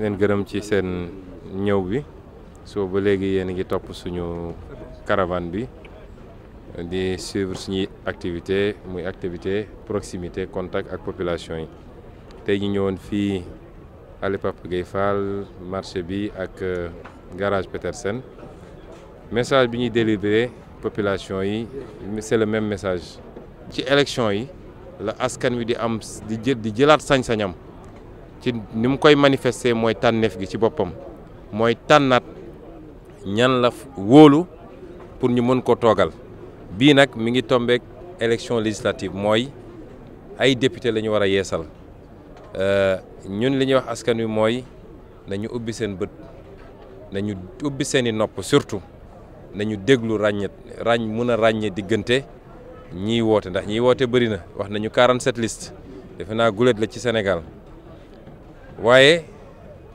Nous gërëm ci seen ñëw bi soo ba léegi yéen ngi topp suñu caravane bi di suivre activité muy activité proximité contact ak population yi tey ñu ñëwoon fii qui marché bi ak euh, garage Petersen message bi population yi c'est le même message ci élection yi la askan wi di am di ci ni mu koy manifester mooy tànneef gi ci boppam mooy tànnaat ñan la wóolu pour ñu mën ko toogal bii nag mi ngi tombeek élection législative mooy ay député la ñu war a yeesal euh, ñun li ñuy wax askan wi mooy nañu ubbi seen bët nañu ubbi seeni nopp surtout nañu déglu ràññet ràññ mun a ràññee diggante ñiy woote ndax ñiy woote bëri na wax nañu 47 liste defe naa gulet la ci Sénégal waaye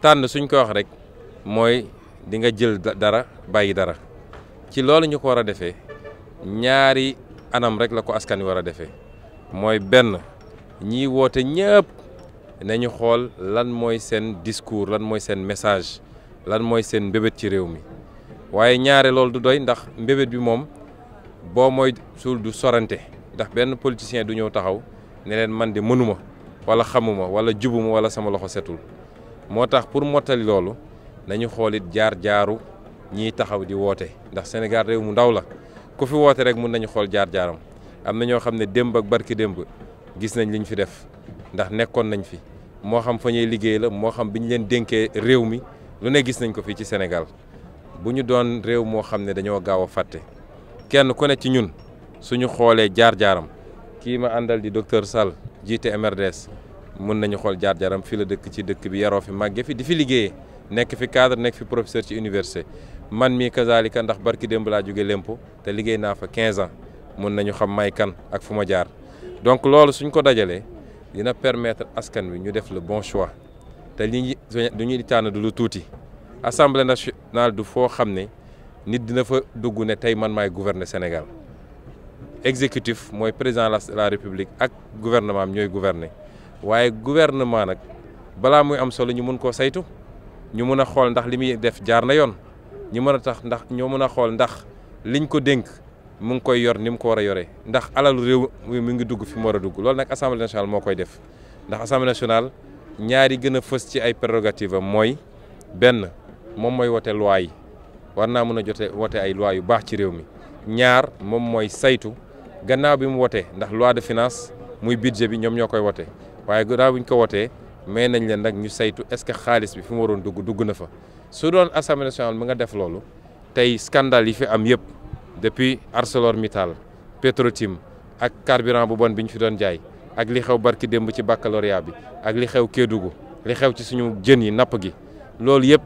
tànn suñ ko wax rek mooy dinga jël dara bàyyi dara ci loolu ñu ko war a defee ñaari anam rek la ko askan wi war a defee mooy benn ñiy woote ñëpp nañu xool lan mooy seen discours lan mooy seen message lan mooy seen mbébét ci réew mi waaye ñaare loolu du doy ndax mbébét bi moom boo mooy suul du sorante ndax benn politicien du ñëw taxaw ne man de mënuma wala xamuma wala jubuma wala sama loxo setul moo tax pour mottali loolu nañu xoolit jaar-jaaru ñiy taxaw di woote ndax Sénégal réew mu ndaw la ku fi woote rek mun nañu xool jaar-jaaram am na ñoo xam ne démb ak barki démb gis nañ li ñu fi def ndax nekkoon nañ fi moo xam fa ñuy liggéey la moo xam bi ñu leen dénkee réew mi lu ne gis nañ ko fii ci Sénégal bu ñu doon réew moo xam ne dañoo gaaw a fàtte kenn ku ne ci ñun suñu xoolee jaar-jaaram kii ma àndal di docteur Sall jiite MRDS mun nañu xool jaar jaram fii la dëkk ci dëkk bi yaroo fi màgge fi di fi liggéeyee nekk fi cadre nekk fi professeur ci université man mii kazalika ndax barki démb laa jóge Lempo te liggéey naa fa 15 ans mun nañu xam may kan ak fu ma jaar donc loolu suñ ko dajalee dina permettre askan wi ñu def le bon te li du ñuy tànn du lu tuuti assemblée nationale du foo xam ne nit dina fa dugg ne tey man maay gouverner Sénégal executif mooy président de la république ak gouvernement am ñooy gouverner waaye gouvernement nag balaa muy am solo ñu mun koo saytu ñu mun a xool ndax li muy def jaar na yoon ñu mën a tax ndax ñoo mun a xool ndax liñ ko dénk mu ngi koy yor ni mu ko war a yoree ndax alalu réew mi ngi dugg fi mu war a dugg loolu nag assemblée nationale moo koy def ndax assemblée nationale ñaari gën a fës ci ay prérogative am mooy benn moom mooy wote loi yi war naa mun a jote wote ay loi yu baax ci réew mi ñaar moom mooy saytu gannaaw bi mu wotee ndax loi de finance muy budget bi ñoom ñoo koy wote waaye gannaaw bi ñu ko wotee may nañ leen nag ñu saytu est-ce que xaalis bi fi mu waroon dugg dugg na fa su doon assemblée nationale mu nga def loolu tey scandale yi fi am yëpp depuis ArcelorMittal Petrotim ak carburant bu bon bi ñu fi doon jaay ak li xew barki démb ci baccalauréat bi ak li xew Kédougou li xew ci suñu jën yi napp gi loolu yëpp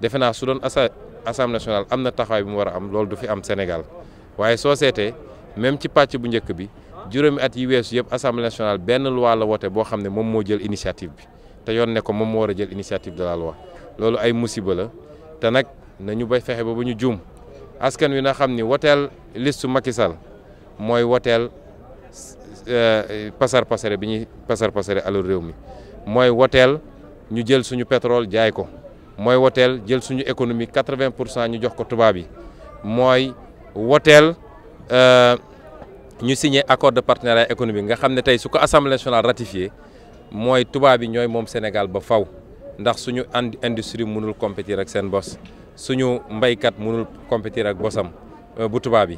defe naa su doon asa assemblée am na taxawaay bi mu war a am loolu du fi am Sénégal waaye soo seetee même ci pàcc bu njëkk bi juróomi at yi weesu yëpp assemblée nationale benn loi la boo xam ne moom moo jël initiative bi te yoon ne ko moom moo war a jël initiative de la loi loolu ay musiba la te nag nañu bay fexe ba bu ñu juum askan wi na xam ni woteel liste Macky Sall mooy woteel euh, pasar pasare bi ñuy pasar pasare alal réew mi mooy woteel ñu jël suñu petrol jaay ko mooy woteel jël suñu économie 80 pour cent ñu jox ko tubaab yi mooy woteel avons euh, signé accord de partenariat économique nga l'Assemblée nationale tey assemblée nationale ratifié mooy tubaab yi Sénégal ba faw ndax suñu industrie mënul compétir ak compétir bosam euh, bu nous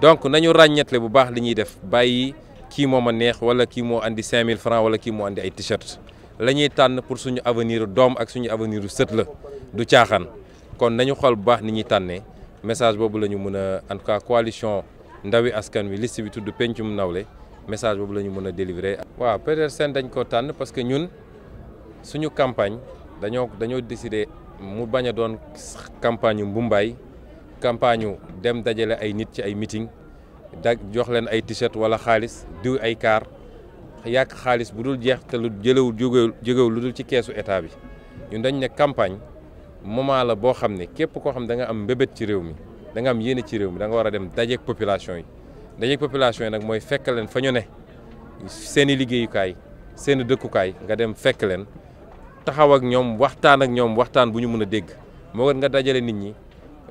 donc nañu ràññetle bu baax li def bàyyi kii ma neex wala kii moo andi 5000 francs ou qui andi ay t shirts Nous avons pour suñu avenir doom ak suñu avenir sët la du nous kon nañu xool bu baax ni ñuy la ndawi askan wi liste bi tudd pencum nawle message boobu la ñu mën a délivrer. waaw Petersen dañ ko tànn parce que ñun suñu campagne dañoo dañoo décider mu bañ a doon campagne yu mbumbaay campagne yu dem dajale ay nit ci ay meeting da jox leen ay t-shirt wala xaalis diw ay kaar yàq xaalis bu dul jeex te lu jëlewul jógewul jógewul lu dul ci keesu état bi ñun dañ ne campagne moment la boo xam ne képp koo xam da nga am mbébét ci réew mi. da nga am yéene ci réew mi danga war a dem dajeek population yi dajeeg population yi nag mooy fekk leen fa ñu ne seeni liggéeyukaay seen i dëkkukaay nga dem fekk leen taxaw ak ñoom waxtaan ak ñoom waxtaan bu ñu mun a dégg moo gën nga dajale nit ñi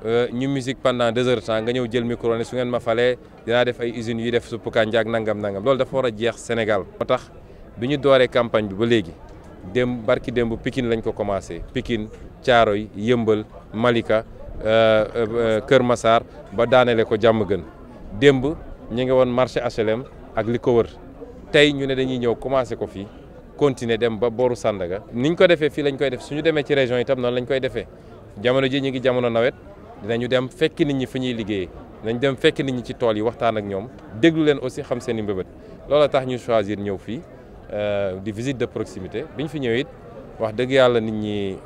euh, ñu musique pendant deux heures temps nga ñëw jël microne su ngeen ma falee dinaa def ay usines yuy def suppu kànja ak nangam nangam loolu dafa war a jeex Sénégal. moo tax bi ñu dooree campagne bi ba léegi démb barki démb Pikine lañ ko commencé Pikine Thiaroye Yëmbal Malika. Euh, euh, Kër masaar ba daaneele ko jàmm gën démb ñi ngi woon marché HLM ak li ko wër tey ñu ne dañuy ñëw commencé ko fii continuer dem ba booru Sandaga niñ ko defee fii lañ koy def suñu demee ci région yi itam noonu lañ koy defee jamono ji ñu ngi jamono nawet dinañu dem fekki nit ñi fi ñuy liggéeyee nañ dem fekki nit ñi ci tool yi waxtaan ak ñoom déglu leen aussi xam seeni i mbébét loola tax ñu choisir ñëw fii euh, di visite de proximité ñu fi ñëw it wax dëgg yàlla nit ñi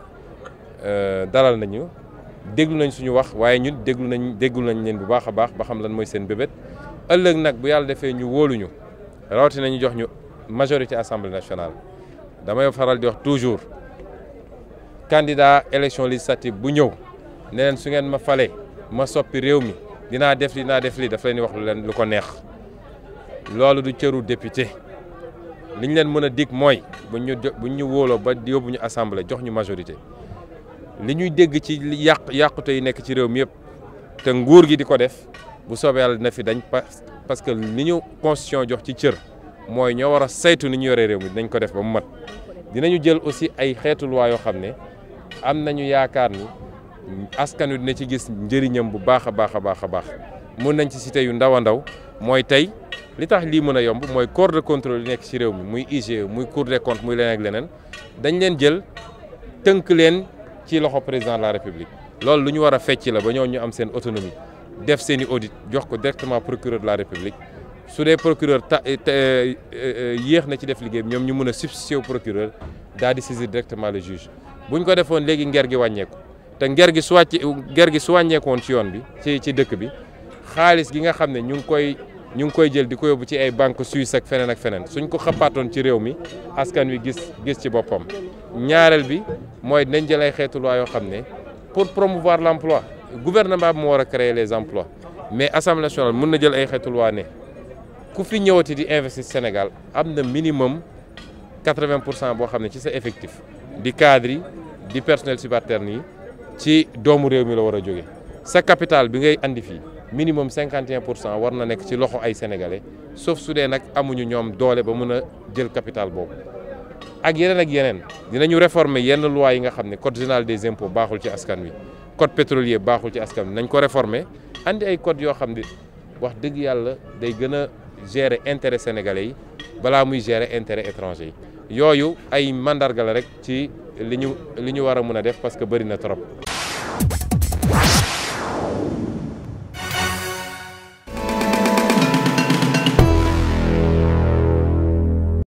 dalal nañu déglu nañ suñu wax waaye ñun déglu nañ déglu nañ leen bu baax a baax ba xam lan mooy seen bébét ëllëg nag bu yàlla defee ñu wóoluñu rawati nañu jox ñu majorité assemblée nationale damay faral di wax toujours candidat élection législative bu ñëw neleen su ngeen ma fale ma soppi réew mi dinaa def li dinaa def li daf leen di wax lu leen lu ko neex loolu du cëru député li ñu leen mën a dikk mooy buñ ñu buñ ñu wóoloo ba yóbbu ñu assemblée jox ñu majorité li ñuy dégg ci yàq yàqute yi nekk ci réew mi yëpp te nguur gi di ko def bu soobee yàlla dina fi dañ parce que li ñu constitution jox ci cër mooy ñoo war a saytu ni ñu yoree réew mi dinañ ko def ba mu mat dinañu jël aussi ay xeetu loi yoo xam ne am nañu yaakaar ni askan wi dina ci gis njëriñam bu baax a baax a baax a baax mun nañ ci si te yu ndaw a ndaw mooy tey li tax lii mën a yomb mooy corps de contrôle yi nekk ci réew mi muy IGE muy cour des comptes muy leneen leneen dañ leen jël tënk leen ci loxo président de la république loolu lu ñu war fecc la ba ñoo ñu am seen autonomie def seen audit jox ko directement procureur de la république su dee procureur ta eh, eh, eh, yéex na ci def liggéey bi ñoom ñu mën a substituer procureur daal di saisir directement le juge buñ ko defoon léegi nger gi wàññeeku te nger gi su wàcc nger gi su wàññeeku ci yoon bi ci ci dëkk bi xaalis gi nga xam ne ñu ngi koy ñu ngi koy jël di ko yóbbu ci ay banque suisse ak feneen ak feneen suñ ko xappaatoon ci réew mi askan wi gis gis ci boppam ñaareel bi moy dinañ jël ay xeetu loi yo xamné pour promouvoir l'emploi gouvernement mo wara créer les emplois mais assemblée nationale mën na jël ay xeetu loi né ku fi ñëwati di investir Sénégal amna minimum 80 bo xamné ci sa effectif di cadre di personnel subalterne yi ci doomu réew mi la wara joggé jóge sa capital bi ngay andi fi minimum 51 pour cent war na nekk ci loxo ay sénégalais sauf soudé nak amuñu ñom doolé ba mëna jël capital bobu ak yeneen ak yeneen dinañu réformer yenn loi yi nga xam ne code général des impôts baaxul ci askan wi code pétrolier baaxul ci askan wi nañ ko réformer andi ay code yoo xam ne wax dëgg yàlla day gën a gérer intérêt sénégalais yi balaa muy gérer intérêt étranger yi yooyu ay mandarga la rek ci li ñu li ñu war a mën a def parce que bëri na trop.